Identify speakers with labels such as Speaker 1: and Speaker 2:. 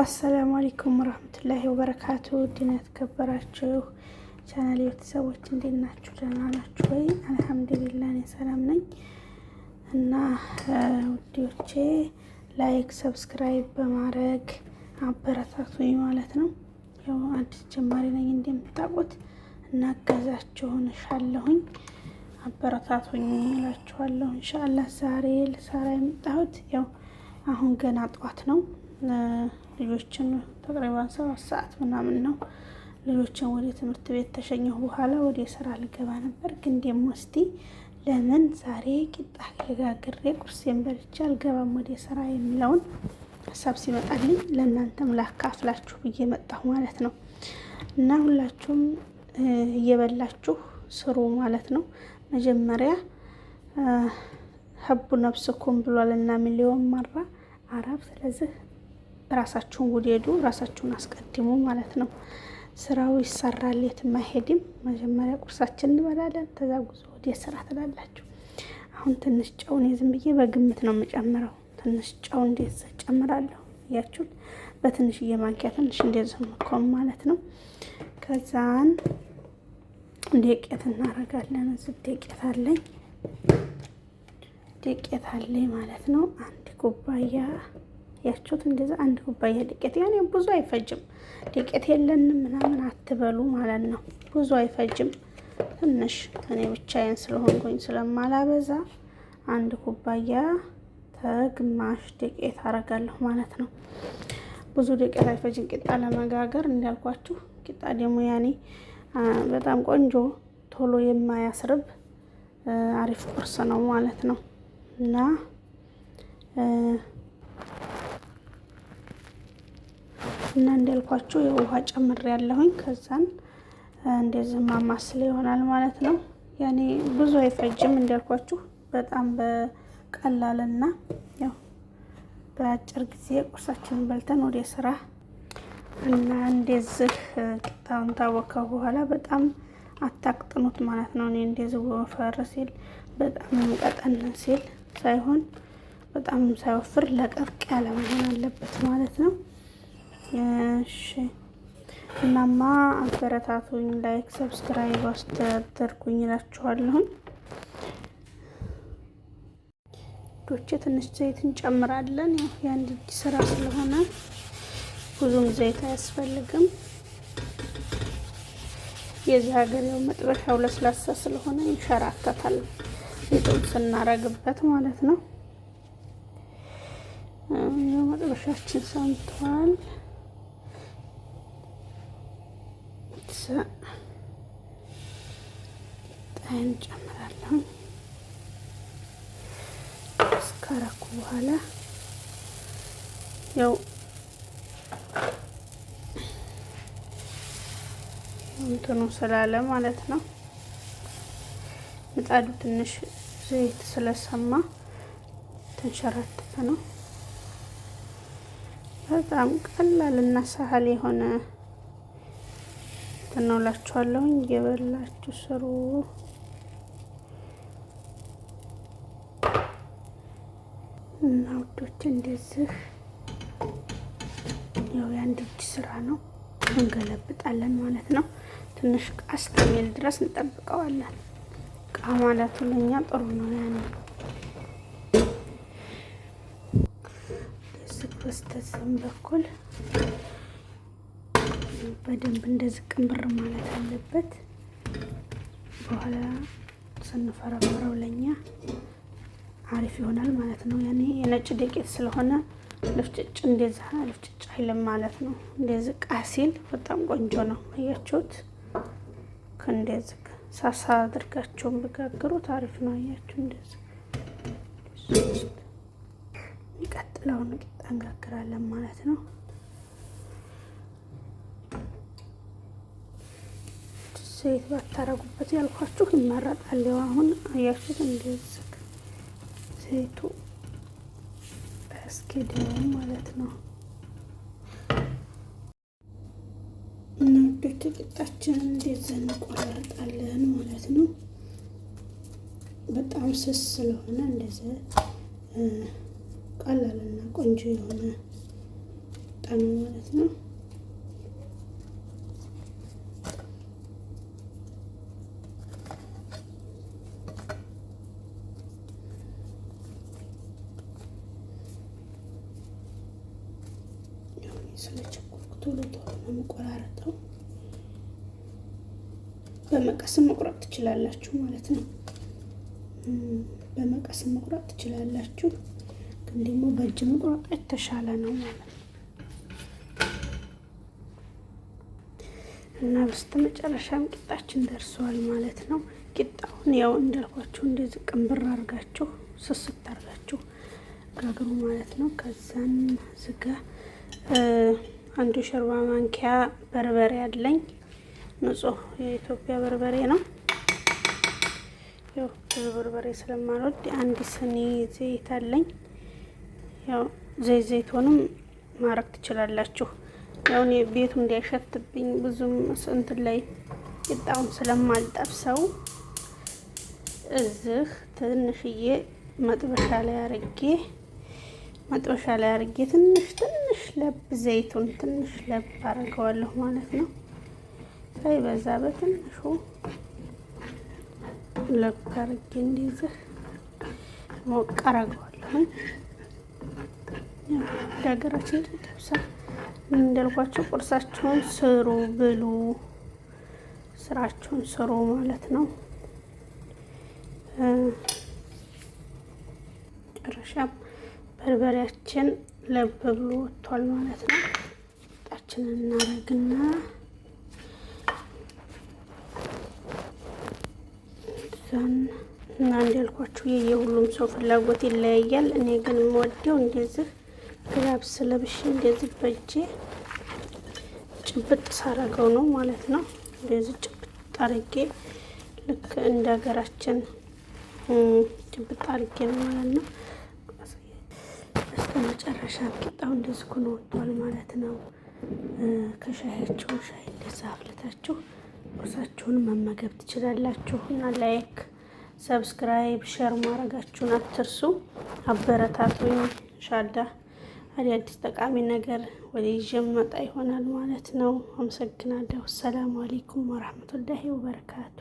Speaker 1: አሰላሙ አለይኩም ወራህመቱላሂ ወበረካቱ። ድና የተከበራችሁ ቻናል ቤተሰቦች እንዴት ናችሁ? ደህና ናችሁ ወይ? አልሐምዱሊላ እኔ ሰላም ነኝ። እና ውዲዎቼ ላይክ፣ ሰብስክራይብ በማድረግ አበረታቱኝ ማለት ነው። ያው አዲስ ጀማሪ ነኝ እንደምታውቁት እናገዛችሁን እሻለሁኝ፣ አበረታቱኝ እላችኋለሁ። እንሻላ ዛሬ ልሰራ የመጣሁት ያው አሁን ገና ጠዋት ነው ልጆችን ተቅሪባን ሰባት ሰዓት ምናምን ነው ልጆችን ወደ ትምህርት ቤት ተሸኘሁ በኋላ ወደ ስራ ልገባ ነበር። ግን ደግሞ እስቲ ለምን ዛሬ ቂጣ ገጋግሬ ቁርሴን በልቼ አልገባም ወደ ስራ የሚለውን ሀሳብ ሲመጣልኝ ለእናንተም ላካፍላችሁ ብዬ መጣሁ ማለት ነው። እና ሁላችሁም እየበላችሁ ስሩ ማለት ነው። መጀመሪያ ሀቡ ነፍስኩም ብሏልና ሚሊዮን መራ አረብ ስለዚህ ራሳችሁን ውደዱ፣ ራሳችሁን አስቀድሙ ማለት ነው። ስራው ይሰራል፣ የትም አይሄድም። መጀመሪያ ቁርሳችን እንበላለን፣ ከዛ ጉዞ ወደ ስራ ትላላችሁ። አሁን ትንሽ ጨው እኔ ዝም ብዬ በግምት ነው የምጨምረው። ትንሽ ጨው እንዴት ጨምራለሁ እያችሁን በትንሽዬ ማንኪያ ትንሽ እንደዚህ መኮም ማለት ነው። ከዛን ደቄት እናደርጋለን። እዚህ ዱቄት አለኝ ዱቄት አለኝ ማለት ነው አንድ ኩባያ ያችሁት እንደዛ አንድ ኩባያ ዱቄት ያኔ ብዙ አይፈጅም። ዱቄት የለንም ምናምን አትበሉ ማለት ነው። ብዙ አይፈጅም። ትንሽ እኔ ብቻዬን ስለሆንኩኝ ስለማላበዛ አንድ ኩባያ ተግማሽ ዱቄት አረጋለሁ ማለት ነው። ብዙ ዱቄት አይፈጅም ቂጣ ለመጋገር እንዳልኳችሁ። ቂጣ ደግሞ ያኔ በጣም ቆንጆ ቶሎ የማያስርብ አሪፍ ቁርስ ነው ማለት ነው እና እና እንዳልኳችሁ የውሃ ጨምር ያለሁኝ ከዛን እንደዚህ ማማስል ይሆናል ማለት ነው። ያኔ ብዙ አይፈጅም እንዳልኳችሁ በጣም በቀላልና ያው በአጭር ጊዜ ቁርሳችንን በልተን ወደ ስራ እና እንደዚህ ቂጣውን ታወካው በኋላ በጣም አታቅጥኑት ማለት ነው። እኔ እንደዚህ ወፈር ሲል በጣም ቀጠን ሲል ሳይሆን በጣም ሳይወፍር ለቀቅ ያለ መሆን አለበት ማለት ነው። እሺ እናማ አበረታቱኝ፣ ላይክ ሰብስክራይብ አስተደርጉኝ እላችኋለሁኝ። ዶቼ ትንሽ ዘይት እንጨምራለን። ያው የአንድ እጅ ስራ ስለሆነ ብዙም ዘይት አያስፈልግም። የዚህ ሀገር ያው መጥበሻው ለስላሳ ስለሆነ ይንሸራተታል ሊጡን ስናረግበት ማለት ነው። ያው መጥበሻችን ሰምቷል። ጣይም ጨምራለሁ። እስካረኩ በኋላ ያው እንትኑ ስላለ ማለት ነው። ምጣዱ ትንሽ ዘይት ስለሰማ ተንሸራተፈ ነው። በጣም ቀላል እና ሳህል የሆነ እንትን ነው እላችኋለሁ። እየበላችሁ ስሩ። እና ውዶች እንደዚህ ያው የአንድ እጅ ስራ ነው። እንገለብጣለን ማለት ነው። ትንሽ አስተሜል ድረስ እንጠብቀዋለን። ቃ ማለቱ ለኛ ጥሩ ነው። ያኔ በስተዚህም በኩል በደንብ እንደዚህ ቅንብር ማለት አለበት። በኋላ ስንፈረፈረው ለኛ አሪፍ ይሆናል ማለት ነው። ያኔ የነጭ ዱቄት ስለሆነ ልፍጭጭ እንደዛ ልፍጭጭ አይልም ማለት ነው። እንደዚህ ቃ ሲል በጣም ቆንጆ ነው። አያችሁት? ከእንደዚህ ሳሳ አድርጋቸውን ብጋግሩት አሪፍ ነው። አያችሁ? እንደዚህ የሚቀጥለውን ቂጣ እንጋግራለን ማለት ነው። ዘይት ባታረጉበት ያልኳችሁ ይመረጣል። አሁን አያችሁት እንደዚህ ዘይቱ በስኪደው ማለት ነው። እና ወዶቹ ቂጣችንን እንደዚህ እንቆራርጣለን ማለት ነው። በጣም ስስ ስለሆነ እንደዚ ቀላልና ቆንጆ የሆነ ጣም ማለት ነው። ስለቸኮልኩ ቶሎ ቶሎ ነው የምቆራረጠው። በመቀስም መቁረጥ ትችላላችሁ ማለት ነው። በመቀስ መቁረጥ ትችላላችሁ፣ ግን ደግሞ በእጅ መቁረጥ የተሻለ ነው ማለት ነው እና በስተ መጨረሻም ቂጣችን ደርሰዋል ማለት ነው። ቂጣውን ያው እንዳልኳችሁ እንደዚህ ቅንብር አድርጋችሁ ስስት አድርጋችሁ ጋግሩ ማለት ነው። ከዛን ዝጋ አንድ ሾርባ ማንኪያ በርበሬ አለኝ። ንጹህ የኢትዮጵያ በርበሬ ነው። ያው ብዙ በርበሬ ስለማልወድ አንድ ስኒ ዘይት አለኝ። ያው ዘይት ዘይቱንም ማረግ ትችላላችሁ። ያው እኔ ቤቱ እንዳይሸትብኝ ብዙም ስንት ላይ ቂጣውን ስለማልጠብሰው እዚህ ትንሽዬ መጥበሻ ላይ አርጌ መጥበሻ ላይ አርጌ ትንሽ ትንሽ ለብ ዘይቱን ትንሽ ለብ አድርገዋለሁ ማለት ነው። ሳይበዛ በትንሹ ለብ አድርጌ እንዲይዝህ ሞቅ አደርገዋለሁ። ሀገራችን ገብሳ እንዳልኳቸው ቁርሳቸውን ስሩ ብሉ፣ ስራቸውን ስሩ ማለት ነው። መጨረሻም በርበሬያችን ለብ ብሎ ወጥቷል ማለት ነው። ጣችንን እናደርግና ዛን እና እንዳልኳችሁ የየሁሉም ሰው ፍላጎት ይለያያል። እኔ ግን የምወደው እንደዚህ ግራብ ስለብሽ እንደዚህ በእጄ ጭብጥ ሳረገው ነው ማለት ነው። እንደዚህ ጭብጥ አርጌ ልክ እንደ ሀገራችን ጭብጥ አርጌ ነው ማለት ነው። በመጨረሻ ቂጣው እንደዚህ ኩኖ ወጥቷል ማለት ነው። ከሻያቸው ሻይ እንደዚህ አፍልታችሁ ቁርሳችሁን መመገብ ትችላላችሁ። እና ላይክ፣ ሰብስክራይብ፣ ሸር ማድረጋችሁን አትርሱ። አበረታቱኝ። ሻዳ አዲስ ጠቃሚ ነገር ወደ ይዤ መጣ ይሆናል ማለት ነው። አመሰግናለሁ። ሰላም አሌይኩም ወራህመቱላሂ ወበረካቱ